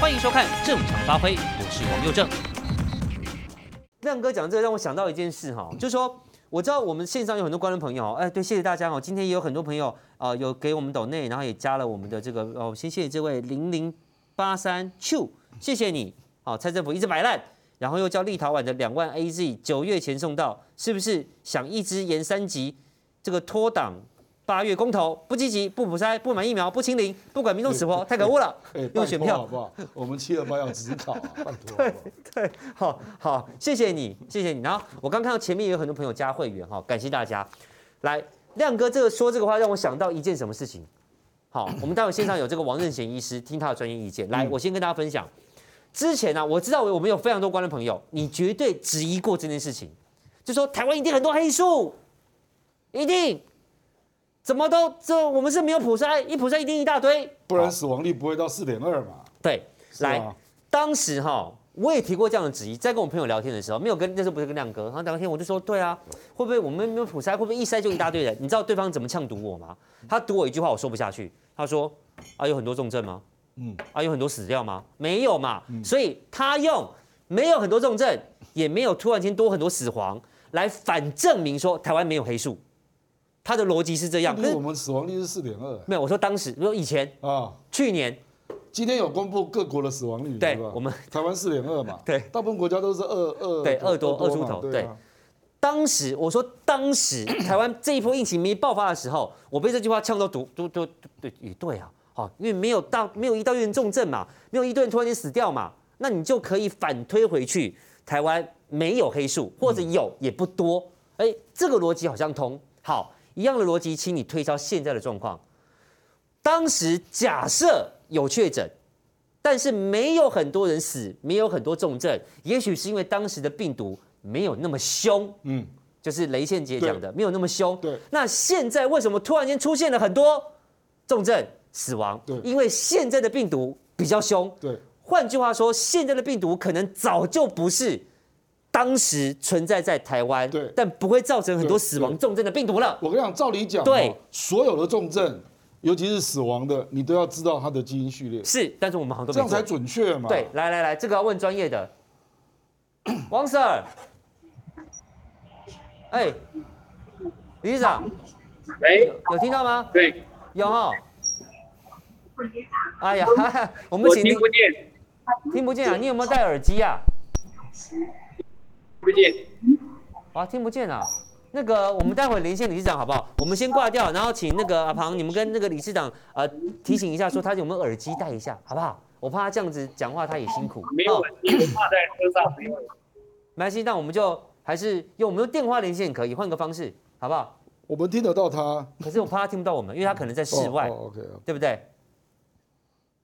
歡迎收看《正常發揮》，我是黃又正。亮哥講這個讓我想到一件事哈，就是說我知道我們線上有很多觀眾朋友哎，對，謝謝大家哦。今天也有很多朋友呃有給我們抖內，然後也加了我們的這個哦，先謝謝這位零零八三 Q，謝謝你哦。蔡政府一直擺爛，然後又叫立陶宛的兩萬 AZ 九月前送到，是不是想一直延三級這個拖檔？八月公投不積極，不普篩，不滿疫苗，不清零，不管民眾死活，太可惡了！欸、用選票、欸、好不好？我們七月八要直考、啊。拜託，好好對對，好好，謝謝你，謝謝你。然後我剛看到前面也有很多朋友加會員哈、哦，感謝大家。來，亮哥這個說這個話讓我想到一件什麼事情。好，我們待會線上有這個王任賢醫師聽他的專業意見。來，我先跟大家分享。之前呢、啊，我知道我們有非常多觀眾朋友，你絕對質疑過這件事情，就說台灣一定很多黑數，一定。怎麼都這？我們是沒有普篩，一普篩一定一大堆，不然死亡率不會到四點二嘛。對，嗎來，當時哈我也提過這樣的質疑，在跟我朋友聊天的時候，沒有跟那時候不是跟亮哥，然後聊天我就說，對啊，會不會我們沒有普篩，會不會一篩就一大堆人？你知道對方怎麼嗆堵我嗎？他堵我一句話，我說不下去。他說啊，有很多重症嗎？嗯，啊，有很多死掉嗎？沒有嘛。所以他用沒有很多重症，也沒有突然間多很多死亡，來反證明說台灣沒有黑數。他的邏輯是這樣，我們死亡率是四點二。沒有，我說當時，比如以前啊，去年，今天有公布各國的死亡率，對，我們台灣四點二嘛，對，大部分國家都是二二，對，二多二出頭，對。當時我說當時台灣這一波疫情沒爆發的時候，我被這句話嗆到，堵，堵，堵，對，也對啊，好，因為沒有到沒有一到醫院重症嘛，沒有一段突然間死掉嘛，那你就可以反推回去，台灣沒有黑數或者有也不多，哎，這個邏輯好像通，好。一樣的邏輯，請你推敲現在的狀況。當時假設有確診，但是沒有很多人死，沒有很多重症，也許是因為當時的病毒沒有那麼兇，嗯，就是雷倩姐講的對沒有那麼兇。對，那現在為什麼突然間出現了很多重症死亡？對，因為現在的病毒比較兇。對，換句話說，現在的病毒可能早就不是。當時存在在台灣，對，但不會造成很多死亡重症的病毒了。我跟你講，照理講，對，所有的重症，尤其是死亡的，你都要知道它的基因序列。是，但是我們好多這樣才準確嘛。對，來來來，這個要問專業的，王 Sir。哎，李醫生，喂，有聽到嗎？對，有。哎呀，哈哈，我們聽不見，聽不見啊！你有沒有戴耳機啊？啊，聽不見啊！那個，我們待會連線理事長好不好？我們先掛掉，然後請那個阿龐，你們跟那個理事長呃提醒一下，說他有沒有耳機戴一下，好不好？我怕他這樣子講話，他也辛苦。沒問題。沒有耳機在身上沒問題。沒關係，那我們就還是用我們用電話連線可以，換個方式，好不好？我們聽得到他，可是我怕他聽不到我們，因為他可能在室外，哦哦 okay，對不對？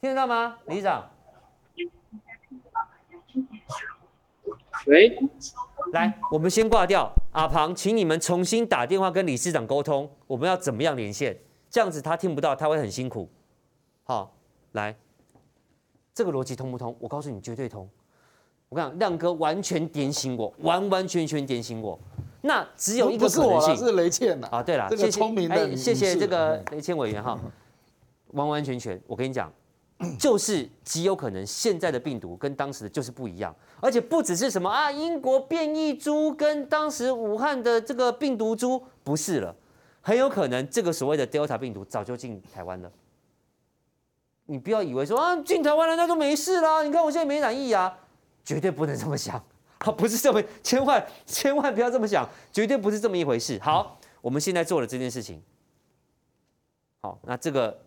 聽得到嗎，理事長？喂，來，我們先掛掉。阿龐，請你們重新打電話跟理事長溝通。我們要怎麼樣連線？這樣子他聽不到，他會很辛苦。好，哦，來，這個邏輯通不通？我告訴你，絕對通。我跟你講，亮哥完全點醒我，哇完完全全點醒我。那只有一個可能性，嗯、不是，是雷倩啊，啊對了，謝謝聰明的謝謝、哎，謝謝這個雷倩委員哈。 完完全全，我跟你講。就是極有可能現在的病毒跟當時的就是不一樣，而且不只是什麼啊英國變異株跟當時武漢的這個病毒株不是了，很有可能這個所謂的 Delta 病毒早就進台灣了。你不要以為說啊進台灣了那就沒事啦，你看我現在沒染疫啊，絕對不能這麼想，它不是這麼，千萬千萬不要這麼想，絕對不是這麼一回事。好，我們現在做了這件事情，好，那這個。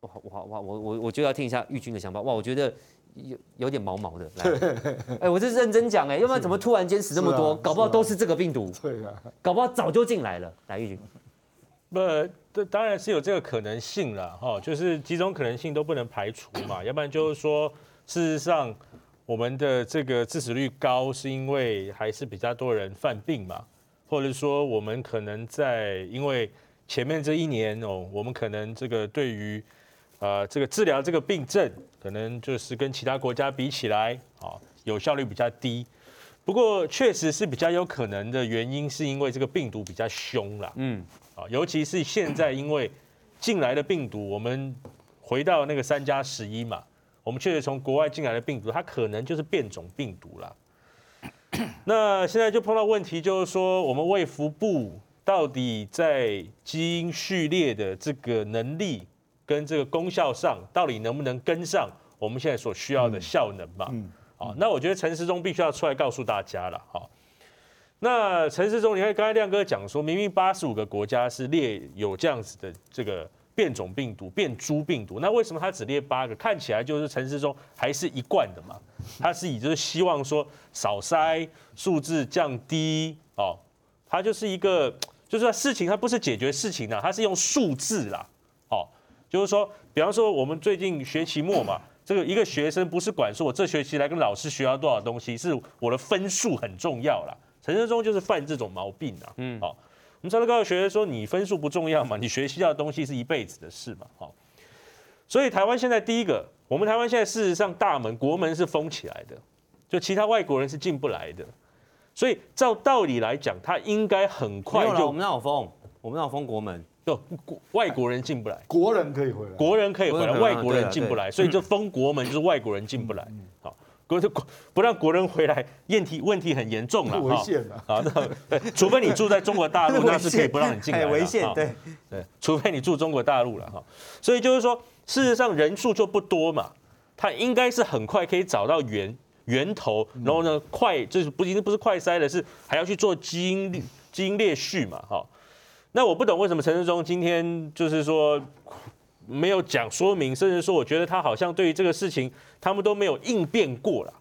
我我我就要聽一下裕鈞的想法。哇，我覺得有有點毛毛的。來，哎對、欸，我是認真講哎、欸，是要不然怎麼突然間死這麼多？啊啊、搞不好都是這個病毒。對啊，搞不好早就進來了。來，裕鈞，不，這當然是有這個可能性了。哈，就是幾種可能性都不能排除嘛。要不然就是說，事實上我們的這個致死率高，是因為還是比較多人犯病嘛？或者說我們可能在因為前面這一年哦、喔，我們可能這個對於呃，這個治療這個病症，可能就是跟其他國家比起來，啊，有效率比較低。不過，確實是比較有可能的原因，是因為這個病毒比較兇啦。嗯，啊，尤其是現在，因為進來的病毒，我們回到那個三加十一嘛，我們確實從國外進來的病毒，它可能就是變種病毒啦。那現在就碰到問題，就是說，我們衛福部到底在基因序列的這個能力？跟這個功效上到底能不能跟上我們現在所需要的效能吧，嗯？好，嗯哦，那我覺得陳時中必須要出來告訴大家了。哈、哦，那陳時中你看剛才亮哥講說，明明八十五個國家是列有這樣子的這個變種病毒，變株病毒，那為什麼他只列八個？看起來就是陳時中還是一貫的嘛，他是以就是希望說少篩數字降低哦，他就是一個就是事情他不是解決事情的，啊，他是用數字啦，哦。就是說，比方說，我們最近學期末嘛，這個一個學生不是管說我這學期來跟老師學了多少東西，是我的分數很重要啦，陳時中就是犯這種毛病啊。嗯，好、哦，我們常常告訴學生說你分數不重要嘛，你學習到的東西是一輩子的事嘛。好、哦，所以台灣現在第一個，我們台灣現在事實上大門國門是封起來的，就其他外國人是進不來的。所以照道理來講，他應該很快就有。我們哪有封，我們哪有封國門。就外國人進不來，國人可以回來，國人可以回來，外國人進不來，所以就封國門，就是外國人進不來。嗯嗯、好，國就國，不讓國人回來，問題問題很嚴重了啊！好，那對，除非你住在中國大陸，那是可以不讓你進來。太危險，對對，除非你住中國大陸了哈。所以就是說，事實上人數就不多嘛，他應該是很快可以找到源源頭，然後呢，快就是不僅僅不是快篩的，是還要去做基因基因列序嘛，哈。那我不懂為什麼陳時中今天就是說沒有講說明，甚至說我覺得他好像對於這個事情他們都沒有應變過啦。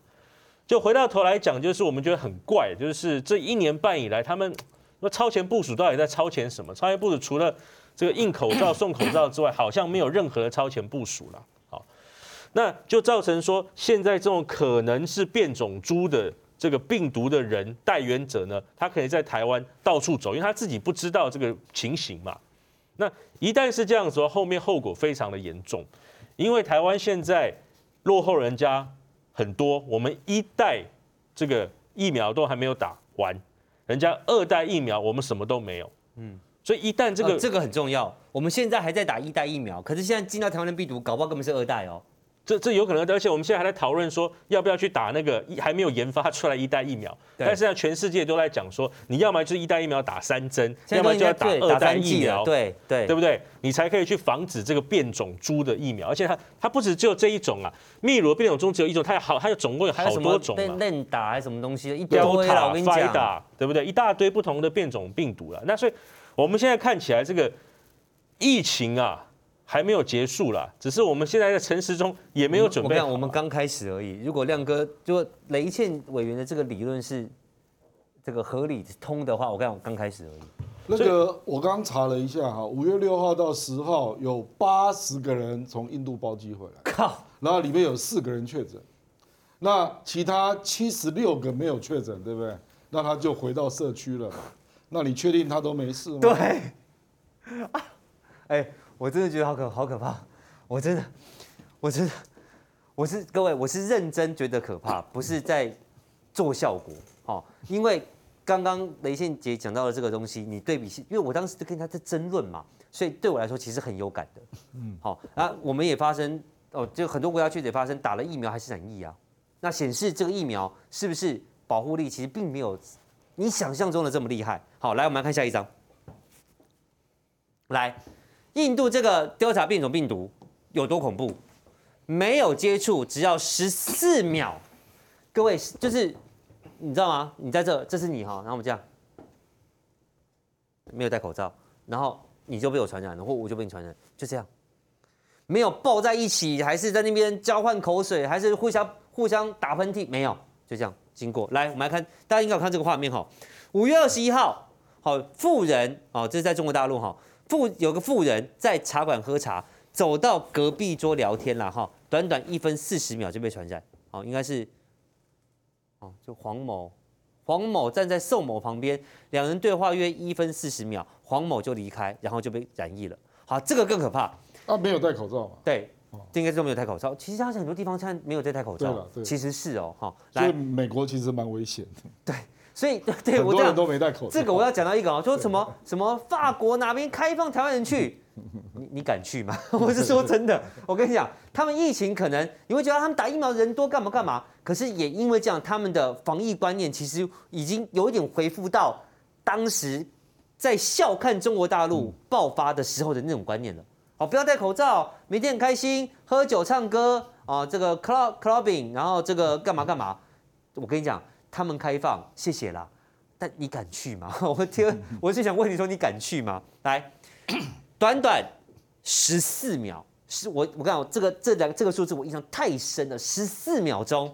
就回到頭來講，就是我們覺得很怪，就是這一年半以來他們那超前部署到底在超前什麼？超前部署除了這個印口罩送口罩之外，好像沒有任何的超前部署了。好，那就造成說現在這種可能是變種株的，這個病毒的人帶原者呢，他可以在台灣到處走，因為他自己不知道這個情形嘛。那一旦是這樣子的話，後面後果非常的嚴重，因為台灣現在落後人家很多，我們一代這個疫苗都還沒有打完，人家二代疫苗我們什麼都沒有。嗯，所以一旦這個、呃、這個很重要，我們現在還在打一代疫苗，可是現在進到台灣的病毒，搞不好根本是二代哦。這這有可能，而且我們現在還在討論說，要不要去打那個還沒有研發出來一代疫苗。對但是現在全世界都在講說，你要麼就是一代疫苗打三針，要麼就要打二代疫苗。對對，對，對，對不對？你才可以去防止這個變種株的疫苗。而且它它不止只有這一種啊，秘魯變種株只有一種，它有好它有總共有好多種，啊。變嫩打還是什麼東西？一打我跟你講。對不對？一大堆不同的變種病毒了，啊。那所以我們現在看起來這個疫情啊。還沒有結束啦，只是我們現在的陳時中也沒有準備、嗯。我跟你講我們剛開始而已。如果亮哥，就雷倩委員的這個理論是這個合理通的話，我跟你講我們剛開始而已。那個我剛查了一下哈，五月六號到十號有八十個人從印度包機回來，靠，然後裡面有四個人確診，那其他七十六個沒有確診，對不對？那他就回到社區了，那你確定他都沒事嗎？對，啊，哎、欸。我真的覺得好可好可怕，我真的，我真的，我是各位，我是認真覺得可怕，不是在做效果，好、哦，因為剛剛雷倩姐講到了這個東西，你對比，因為我當時就跟他在爭論嘛，所以對我來說其實很有感的，嗯、哦，好，那我們也發生，哦，就很多國家確實也發生打了疫苗還是染疫啊，那顯示這個疫苗是不是保護力其實並沒有你想象中的這麼厲害，好，來，我們來看下一張，來。印度這個 Delta 變種病毒有多恐怖？沒有接觸，只要十四秒。各位，就是你知道嗎？你在這，這是你哈，然後我們這樣，沒有戴口罩，然後你就被我傳染，或我就被你傳染，就這樣。沒有抱在一起，還是在那邊交換口水，還是互相互相打噴嚏？沒有，就這樣經過。來，我們來看，大家應該有看這個畫面哈。五月二十一號，好，富人，哦，這是在中國大陸哈。富有個富人在茶館喝茶，走到隔壁桌聊天了哈，短短一分四十秒就被傳染。哦，應該是，哦，就黃某，黃某站在宋某旁邊，兩人對話約一分四十秒，黃某就離開，然後就被染疫了。好，這個更可怕。啊，沒有戴口罩嘛。對，哦、應該是沒有戴口罩。其實好像很多地方現在沒有在戴口罩。了，了其實是哦，哈、哦，所以美國其實蠻危險的。對。所以對我這樣，都沒戴口罩這個我要講到一個哦，對說什麼什麼法國哪邊開放臺灣人去？你 你敢去嗎？我是說真的， 我跟你講，他們疫情可能你會覺得他們打疫苗人多幹嘛幹嘛，可是也因為這樣，他們的防疫觀念其實已經有一點恢復到當時在笑看中國大陸爆發的時候的那種觀念了。哦，不要戴口罩，每天很開心，喝酒唱歌啊，這個 club clubbing，然後這個幹嘛幹嘛，我跟你講。他們開放，謝謝啦。但你敢去嗎？我 聽我是想問你說，你敢去嗎？來，短短十四秒，是我我講這個這兩個這個數字，我印象太深了。十四秒鐘，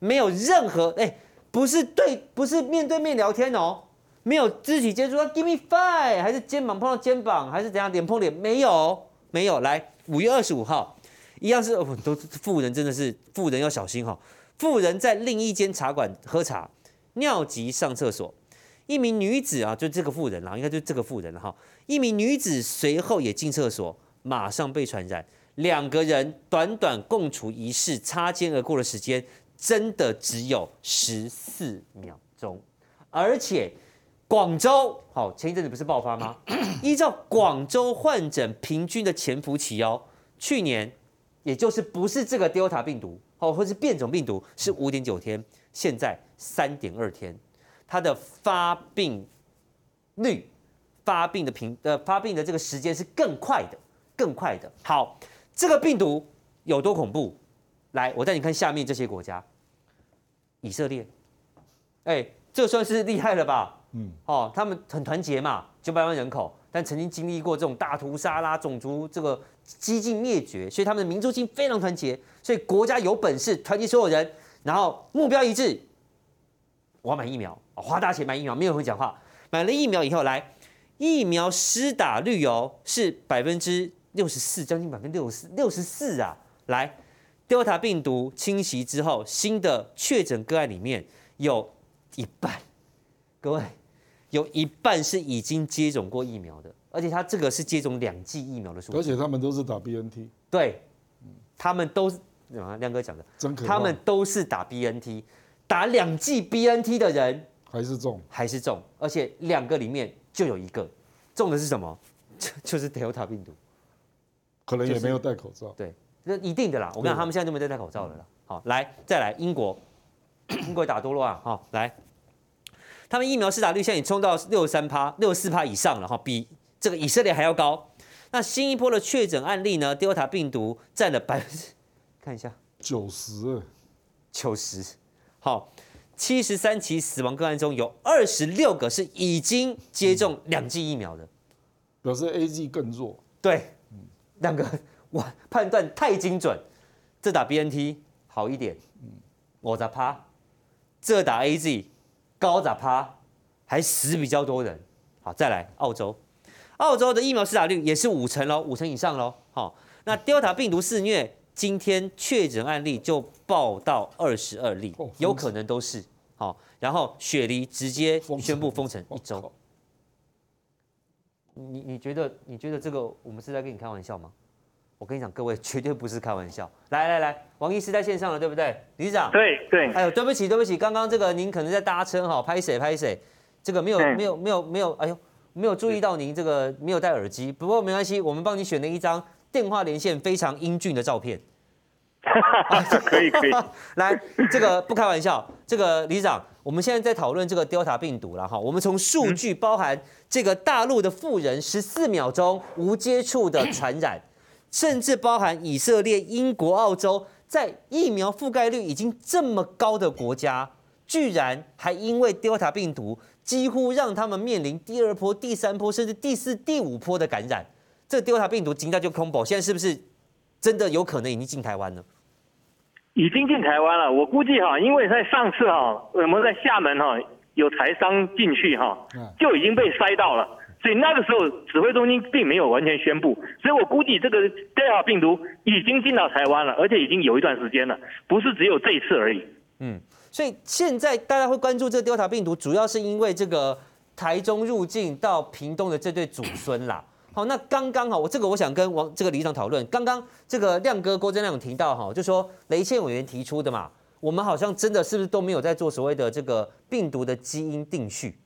沒有任何哎、欸，不是對，不是面對面聊天哦，沒有肢體接觸、啊。give me five，還是肩膀碰到肩膀，還是怎樣？臉碰臉，沒有沒有。來，五月二十五號，一樣是、哦、都富人，真的是富人要小心哈、哦。婦人在另一間茶館喝茶，尿急上廁所，一名女子啊，就這個婦人啊，應該就這個婦人哈，一名女子隨後也進廁所，馬上被傳染。兩個人短短共處一室、擦肩而過的時間，真的只有十四秒鐘。而且，廣州好，前一陣子不是爆發嗎？咳咳，依照廣州患者平均的潛伏期哦，去年，也就是不是這個 Delta 病毒哦，或是變種病毒，是五點九天，現在三點二天，它的發病率、發病的頻、呃，發病的這個時間是更快的，更快的。好，這個病毒有多恐怖？來，我帶你看下面這些國家，以色列，哎、欸，這算是厲害了吧？嗯，哦，他們很團結嘛，九百萬人口。但曾經經歷過這種大屠殺啦、種族這個幾近滅絕，所以他們的民族性非常團結，所以國家有本事團結所有人，然後目標一致。我要買疫苗，花大錢買疫苗，沒有人會講話。買了疫苗以後，來，疫苗施打率哦是百分之六十四，將近百分之六十四六十四啊。來，Delta 病毒侵襲之後，新的確診個案裡面有一半，各位。有一半是已經接種過疫苗的，而且他這個是接種兩劑疫苗的數。而且他們都是打 B N T。對，嗯、他們都什麼、嗯？亮哥講的，他們都是打 B N T，打兩劑 B N T 的人還是中，還是中。而且兩個裡面就有一個中的是什麼？就就是 Delta 病毒。可能也沒有戴口罩。就是、對，那一定的啦。我跟你講對 他們現在都沒在戴口罩了啦。好，來再來，英國， 英國打多了啊，好、哦、來。他們疫苗施打率現在已衝到六十三趴，六十四趴以上了哈，比這個以色列還要高。那新一波的確診案例呢？Delta 病毒佔了百分之，看一下九十，九十 90 耶 好。七十三起死亡個案中有二十六個是已經接種兩劑疫苗的，嗯、表示 A Z 更弱。對，兩、那個哇，判斷太精準。這打 B N T 好一點，我咋趴？這打 A Z。高咋趴，還死比較多人。好，再來澳洲，澳洲的疫苗施打率也是五成嘍，五成以上嘍。好、哦，那 Delta 病毒肆虐，今天確診案例就爆到二十二例，有可能都是。好、哦，然後雪梨直接宣布封城一周。你你覺得你覺得這個我們是在跟你開玩笑嗎？我跟你講，各位絕對不是開玩笑。來來來，王醫師在線上了，對不對，理事長？對對。對哎呦，對不起對不起，剛剛這個您可能在搭車哈，抱歉抱歉，這個沒有、嗯、沒有沒有沒有，哎呦，沒有注意到您這個沒有戴耳機。不過沒關係，我們幫你選了一張電話連線非常英俊的照片。可以 可以。可以 來，這個不開玩笑，這個理事長，我們現在在討論這個 Delta 病毒了哈。我們從數據包含這個大陸的富人十四秒鐘無接觸的傳染。嗯嗯甚至包含以色列、英國、澳洲，在疫苗覆蓋率已經這麼高的國家，居然還因為 Delta 病毒，幾乎讓他們面臨第二波、第三波，甚至第四、第五波的感染。這 Delta 病毒驚到就空跑，現在是不是真的有可能已經進台灣了？已經進台灣了，我估計哈，因為在上次哈，我們在廈門哈有台商進去哈，就已經被篩到了。嗯所以那個時候指揮中心並沒有完全宣布，所以我估計這個 Delta 病毒已經進到台灣了，而且已經有一段時間了，不是只有這一次而已。嗯，所以現在大家會關注這個 Delta 病毒，主要是因為這個台中入境到屏東的這對祖孫啦。 哦、剛剛好，那剛剛好，我這個我想跟王這個理事長討論，剛剛這個亮哥郭正亮有提到哈，就是、說雷倩委員提出的嘛，我們好像真的是不是都沒有在做所謂的這個病毒的基因定序。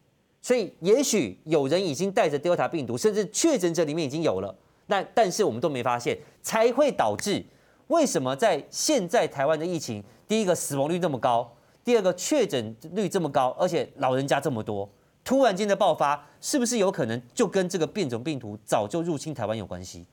所以，也許有人已經帶着 Delta 病毒，甚至確診者裡面已經有了，但但是我們都沒發現，才會導致為什麼在現在台灣的疫情，第一個死亡率那麼高，第二個確診率這麼高，而且老人家這麼多，突然間的爆發，是不是有可能就跟這個變種病毒早就入侵台灣有關係？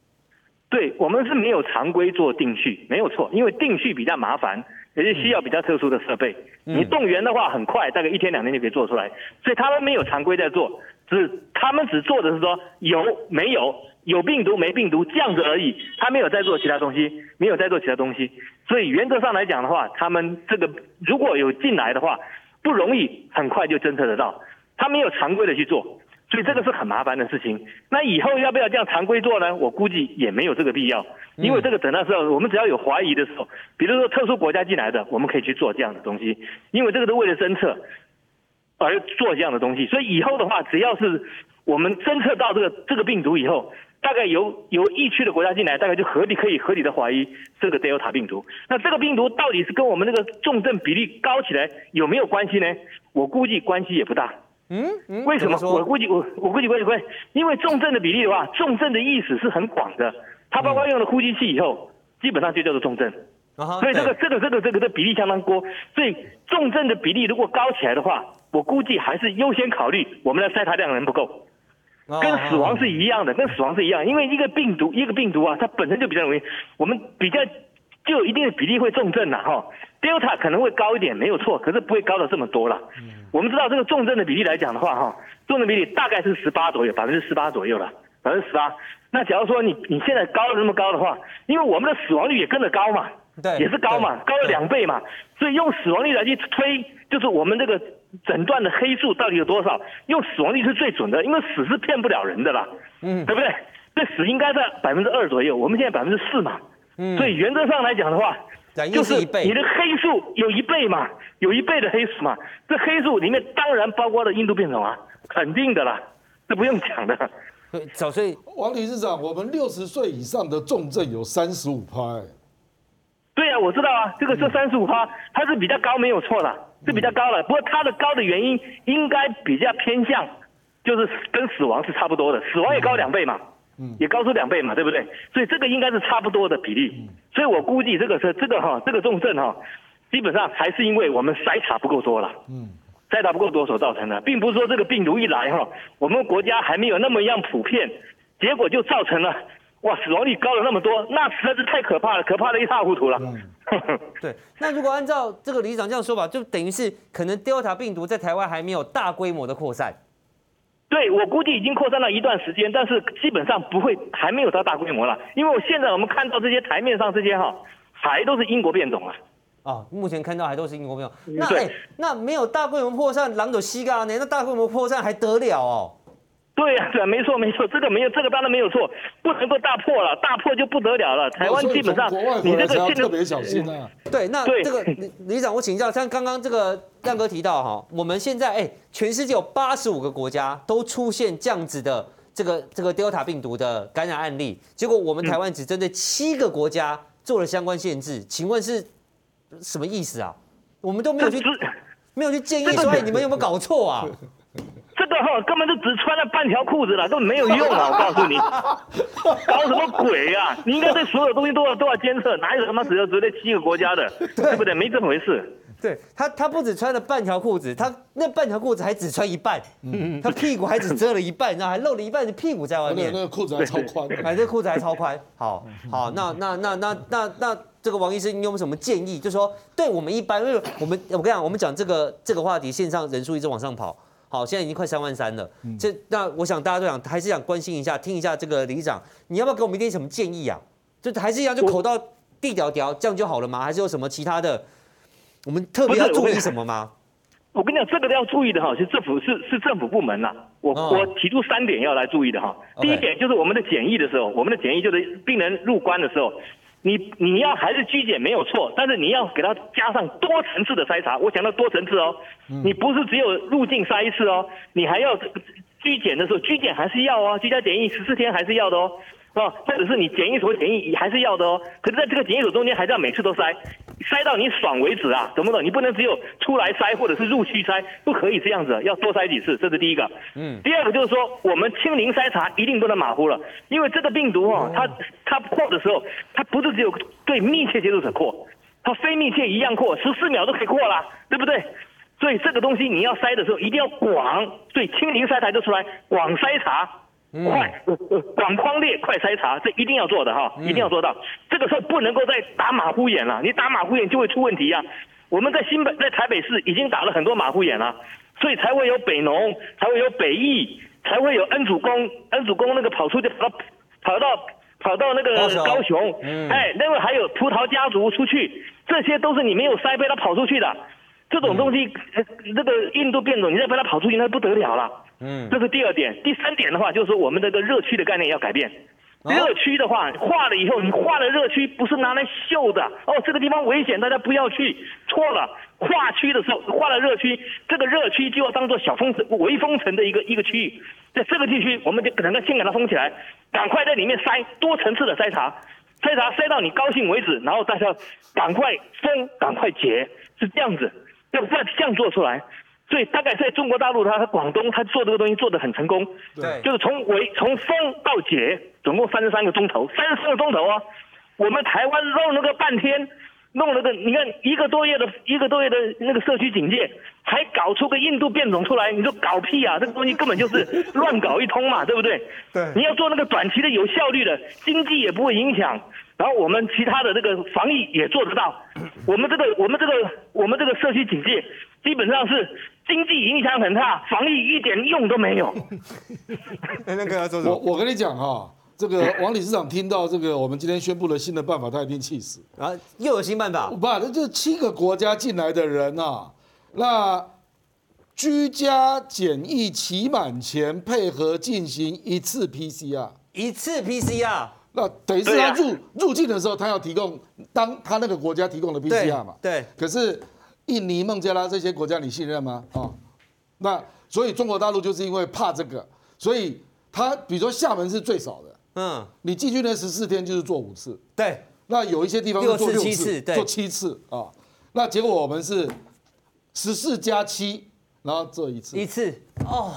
對，我們是沒有常規做定序，沒有錯，因為定序比較麻煩。也是需要比較特殊的設備，你動員的話很快，大概一天兩天就可以做出來，所以他們沒有常規在做，只他們只做的是說有沒有有病毒沒病毒這樣子而已，他沒有在做其他東西，沒有在做其他東西，所以原則上來講的話，他們這個如果有進來的話，不容易很快就偵測得到，他沒有常規的去做。所以這個是很麻煩的事情。那以後要不要這樣常規做呢？我估計也沒有這個必要，因為這個等到時候我們只要有懷疑的時候，比如說特殊國家進來的，我們可以去做這樣的東西，因為這個都為了偵測而做這樣的東西。所以以後的話，只要是我們偵測到這個這個病毒以後，大概由由疫區的國家進來，大概就合理可以合理的懷疑這個 Delta 病毒。那這個病毒到底是跟我們那個重症比例高起來有沒有關係呢？我估計關係也不大。嗯，嗯為什麼？我估計，我我估計會會，因為重症的比例的話，重症的意思是很廣的，它包括用了呼吸器以後，嗯、基本上就叫做重症，uh、huh, 所以這個對這個這個這個的、這個、比例相當多，所以重症的比例如果高起來的話，我估計還是優先考慮我們的篩查量能不夠，oh, 跟死亡是一樣的，嗯、跟死亡是一樣的，因為一個病毒一個病毒啊，它本身就比較容易，我們比較。就一定的比例會重症了哈，哦，Delta 可能會高一點，沒有錯，可是不會高的這麼多了。嗯，我們知道這個重症的比例來講的話，哈，重症比例大概是十八左右，百分之十八左右了，百分之十八。那假如說你你現在高了那麼高的話，因為我們的死亡率也跟着高嘛，對，也是高嘛，對高了兩倍嘛。對所以用死亡率來去推，就是我們這個診斷的黑數到底有多少？用死亡率是最準的，因為死是騙不了人的啦，嗯，對不對？這死應該在百分之二左右，我們現在百分之四嘛。對，所以原則上來講的話，就是你的黑數有一倍嘛，有一倍的黑死嘛，這黑數裡面當然包括了印度變種啊，肯定的啦，這不用講的。小崔，王理事長，我們六十歲以上的重症有三十五趴，對呀，啊，我知道啊，這個是三十五趴，它是比較高，沒有錯的，是比較高了。不過它的高的原因應該比較偏向，就是跟死亡是差不多的，死亡也高兩倍嘛。也高出兩倍嘛，對不對？所以這個應該是差不多的比例。所以我估計這個是這個哈，這個重症哈，基本上還是因為我們篩查不夠多了，嗯，篩查不夠多所造成的，並不是說這個病毒一來哈，我們國家還沒有那麼樣普遍，結果就造成了哇死亡率高了那麼多，那實在是太可怕了，可怕的一塌糊塗了。嗯、 對，那如果按照這個理事長這樣說吧，就等於是可能 Delta 病毒在台灣還沒有大規模的擴散。對，我估計已經擴散了一段時間，但是基本上不會，還沒有到大規模了。因為我現在我們看到這些台面上這些哈，還都是英國變種了，啊、哦，目前看到還都是英國變種。那對那沒有大規模擴散，狼走西蓋呢？那大規模擴散還得了哦？對呀、啊，對沒錯，沒錯，這個沒有，這個當然沒有錯，不能夠大破了，大破就不得了了。台灣基本上，哦、國外你這個時候特別小心啊、嗯。對，那這個李李長，我請教，像剛剛這個亮哥提到哈，我們現在哎，全世界有八十五個國家都出現這樣子的這個這個 Delta 病毒的感染案例，結果我們台灣只針對七個國家做了相關限制，請問是什麼意思啊？我們都沒有去沒有去建議說，哎是，你們有沒有搞錯啊？根本就只穿了半條褲子了，都沒有用了、啊。我告訴你， 搞什麼鬼呀、啊？你應該對所有東西都要都要監測，哪有他媽只只遮了七個國家的？對，對不對？沒這麼回事。對他，他不止穿了半條褲子，他那半條褲子還只穿一半，嗯嗯他屁股還只遮了一半，然後 還露了一半的屁股在外面。那個褲子還超寬，對 哎，這褲子還超寬。 好，好，那那那那那那，那，那這個王醫生，你有沒有什麼建議？就是說對我們一般，因為我們我跟你講，我們講這個這個話題，線上人數一直往上跑。好，現在已經快三萬三了。這、嗯、那我想大家都想，還是想關心一下，聽一下這個理事長，你要不要給我們一點什麼建議啊？就還是一樣，就口罩地條條，我 這樣就好了嗎？還是有什麼其他的？我們特別要注意什麼嗎？我跟你講，這個都要注意的哈，其實政府是是政府部門吶、啊。我我提出三點要來注意的哈。第一點就是我們的檢疫的時候，我們的檢疫就是病人入關的時候。你你要還是居檢沒有錯，但是你要給它加上多層次的篩查。我講到多層次哦，嗯、你不是只有入境篩一次哦，你還要居檢的時候居檢還是要哦，居家檢疫十四天還是要的哦，是、啊、吧？或者是你檢疫所檢疫還是要的哦，可是在這個檢疫所中間還是要每次都篩。篩到你爽為止啊，懂不懂？你不能只有出來篩或者是入去篩，不可以這樣子，要多篩幾次。這是第一個。嗯，第二個就是說，我們清零篩查一定不能馬虎了，因為這個病毒啊它它擴的時候，它不是只有對密切接觸者擴，它非密切一樣擴，十四秒都可以擴了，對不對？所以這個東西你要篩的時候一定要廣，所以清零篩查就出來廣篩查。快，嗯、廣寬列快篩查，這一定要做的哈，一定要做到。嗯、這個時候不能夠再打馬虎眼了，你打馬虎眼就會出問題呀、啊。我們在新北、在台北市已經打了很多馬虎眼了，所以才會有北農，才會有北藝，才會有恩主公，恩主公那個跑出去，跑到，跑到跑到那個高雄，高雄嗯、哎，另外還有葡萄家族出去，這些都是你沒有篩被他跑出去的。這種東西，嗯、那個印度變種，你再被他跑出去，那就不得了了。嗯，這是第二點，第三點的話就是我們這個熱區的概念要改變，熱區的話劃了以後，你劃了熱區不是拿來秀的哦，這個地方危險，大家不要去。錯了，劃區的時候劃了熱區，這個熱區就要當做小封城、微封城的一個一個區域，在這個地區我們就可能先給它封起來，趕快在裡面篩多層次的篩查，篩查篩到你高興為止，然後大家趕快封，趕快結，是這樣子，要這樣做出來。對，大概在中國大陸，他他廣東，他做這個東西做得很成功。對，就是從圍從封到解，總共三十三個鐘頭，三十三個鐘頭啊。我們台灣弄了個半天，弄了個你看一個多月的，一個多月的那個社區警戒，才搞出個印度變種出來。你說搞屁啊！這個東西根本就是亂搞一通嘛， 對不對？對，你要做那個短期的、有效率的，經濟也不會影響。然後我們其他的這個防疫也做得到，我們這個我們這個我們這個社區警戒基本上是經濟影響很大，防疫一點用都沒有。 那個我跟你講哈、哦，這個王理事長聽到這個我們今天宣布了新的辦法，他一定氣死啊。啊又有新辦法。不，吧，這七個國家進來的人吶、啊，那居家檢疫期滿前配合進行一次 PCR，一次 PCR。那等於是他入入境的時候，他要提供當他那個國家提供的 PCR 嘛？對,對。可是印尼、孟加拉這些國家，你信任嗎？啊、哦？那所以中國大陸就是因為怕這個，所以他比如說廈門是最少的。嗯。你進去那十四天就是做五次。對。那有一些地方要做七次。六次、對做七次啊、哦？那結果我們是十四加七，7, 然後做一次。一次哦。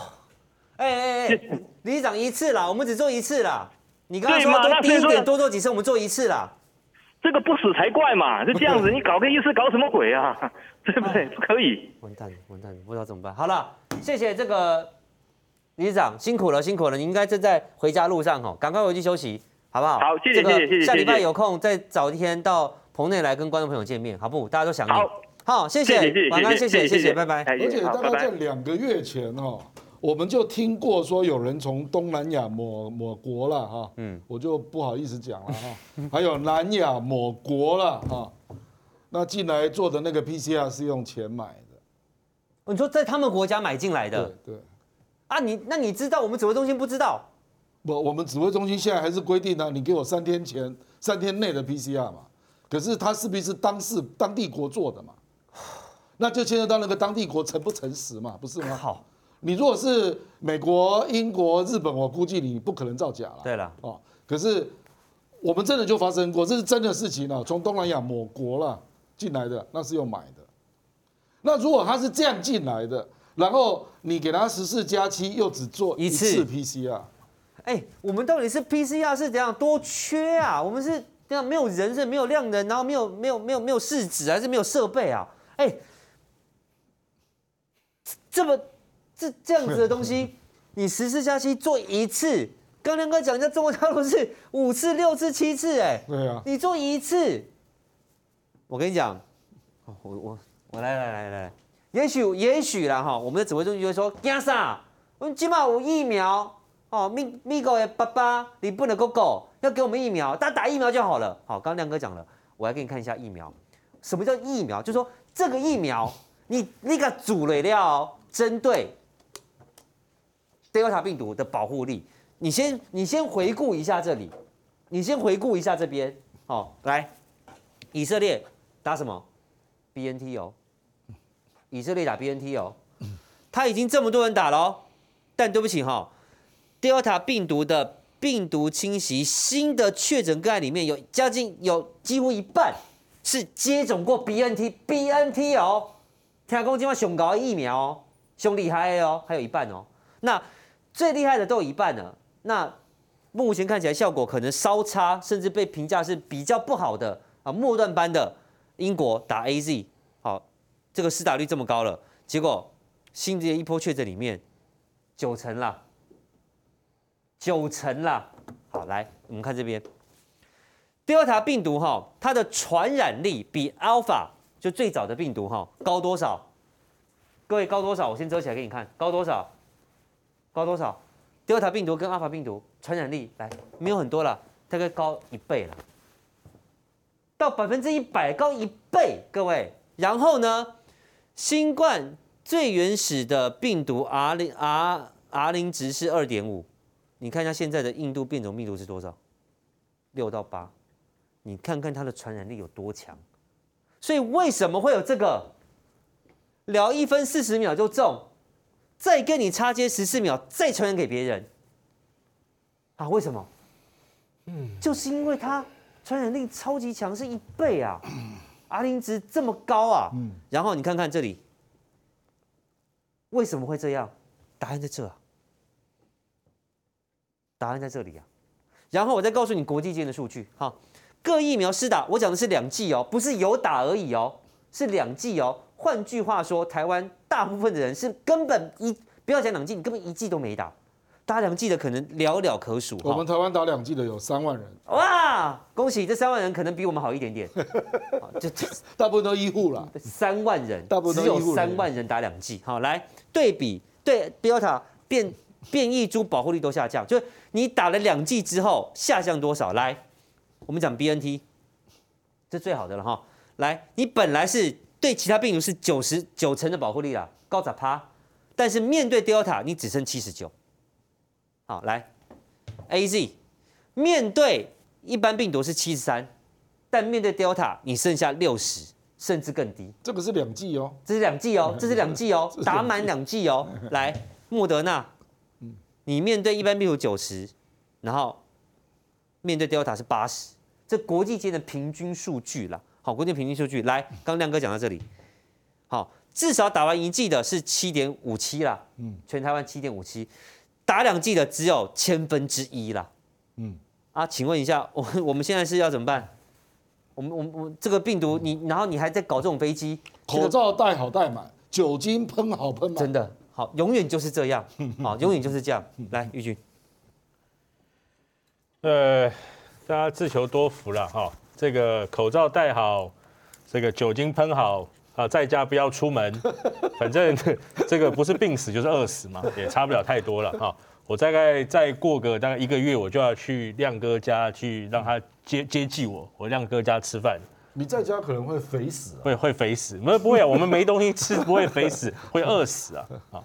哎哎哎，理事長一次啦，我們只做一次啦。你剛剛說跟丁多做幾次，我們做一次啦，這個不死才怪嘛！就這樣子，你搞個一次搞什麼鬼啊？對不對？不可以。完蛋了，完蛋了，不知道怎麼辦。好了，謝謝這個理事長，辛苦了，辛苦了。你應該正在回家路上哦，趕快回去休息，好不好？好，謝謝，謝謝。下禮拜有空再早一天到棚內來跟觀眾朋友見面，好不？大家都想你。好，謝謝，謝謝，謝謝，謝謝，拜拜。而且大概在兩個月前哦。我們就聽過說有人從東南亞某某國了哈，嗯，我就不好意思講了哈、啊。還有南亞某國了哈、啊，那進來做的那個 PCR 是用錢買的，你說在他們國家買進來的，對對。對啊，你那你知道我們指揮中心不知道？不，我們指揮中心現在還是規定呢、啊。你給我三天前三天內的 PCR 嘛。可是他勢必是當時當地國做的嘛，那就牽涉到那個當地國誠不誠實嘛，不是嗎？好。你如果是美國、英國、日本，我估計你不可能造假了。對啦，哦，可是我們真的就發生過，這是真的事情啊。從東南亞某國了進來的，那是要買的。那如果他是這樣進來的，然後你給他十四加七，又只做一次 PCR？欸，我們到底是 PCR 是怎樣？多缺啊！我們是這樣，沒有人是，沒有量能，然後沒有沒有沒有沒有試紙，還是沒有設備啊？欸，這麼。是這樣子的東西，你十四加七做一次，剛亮哥講人家中國大陸是五次、六次、七次，哎，對啊，你做一次，我跟你講，我我我來來來來，也許也許了哈，我們的指揮中心就會說幹啥，我們起碼有疫苗哦，咪咪狗耶，爸爸，你不能夠夠，要給我們疫苗，大家打疫苗就好了。好，剛亮哥講了，我來給你看一下疫苗，什麼叫疫苗？就是說這個疫苗，你那個組的要針對。Delta 病毒的保護力，你先你先回顧一下這裡，你先回顧一下這邊。好、哦，來，以色列打什麼？BNT 哦，以色列打 BNT 哦，他、嗯、已經這麼多人打了，哦，但對不起哈 Delta 病毒的病毒侵襲，新的確診個案裡面有將近有幾乎一半是接種過 BNT，BNT 哦，聽講今晚雄搞疫苗兄弟厲害，哦，還有一半哦，那。最厲害的都有一半了，那目前看起來效果可能稍差，甚至被評價是比較不好的啊。末段班的英國打 AZ，好，這個施打率這麼高了，結果新的一波確診裡面九成啦，九成啦。好，來我們看這邊，Delta 病毒哈，它的傳染力比 Alpha 就最早的病毒哈高多少？各位，高多少？我先遮起來給你看，高多少？高多少？德爾塔病毒跟阿爾法病毒傳染力來沒有很多了，大概高一倍了，到百分之一百高一倍，各位。然後呢，新冠最原始的病毒 R 零 R R 零值是二點五，你看一下現在的印度變種病毒是多少，六到八，你看看它的傳染力有多強。所以為什麼會有這個？聊一分四十秒就中。再跟你擦肩十四秒，再傳染給別人啊？為什麼？嗯、就是因為它傳染力超級強，是一倍啊，阿林值這麼高啊。嗯、然後你看看這裡，為什麼會這樣？答案在這啊，答案在這裡啊。然後我再告訴你國際間的數據，哈，各疫苗施打，我講的是兩劑哦，不是有打而已哦，是兩劑哦。換句話說，台灣大部分的人是根本一不要講兩劑，你根本一劑都沒打，打兩劑的可能寥寥可數。我們台灣打兩劑的有三萬人。哇，恭喜這三萬人可能比我們好一點點。 就，就大部分都醫護了。三萬人，大部分都醫護。只有三萬人打兩劑。好，來對比對 Delta 變變異株保護率都下降，就是你打了兩劑之後下降多少？來，我們講 B. N. T，這最好的了哈。來，你本來是。對其他病毒是九十九成的保護力啦，高咋趴？但是面對 Delta，你只剩七十九。好，來 A Z，面對一般病毒是七十三，但面對 Delta，你剩下六十，甚至更低。這個是兩劑哦，哦，這是兩劑哦， 這是兩劑哦，打滿兩劑哦。來 莫德納，你面對一般病毒九十，然後面對 Delta 是八十，這國際間的平均數據啦。好，國際平均數據來，剛剛亮哥講到這裡，好，至少打完一劑的是七點五七啦，嗯，全台灣七點五七，打兩劑的只有千分之一啦，嗯，啊，請問一下，我我們現在是要怎麼辦？我們我們我們這個病毒，嗯、你然後你還在搞這種飛機，口罩戴好戴滿，酒精噴好噴滿，真的好，永遠就是這樣，好，永遠就是這樣，嗯、來，裕鈞，呃，大家自求多福了哈。哦這個口罩戴好，這個酒精噴好啊，在家不要出門。反正這個不是病死就是餓死嘛，也差不了太多了。哈、哦、我大概再過個大概一個月，我就要去亮哥家去讓他接接濟我，我亮哥家吃飯。你在家可能會肥死，啊會，會會肥死？沒不會啊， 我們沒東西吃，不會肥死，會餓死啊。哦。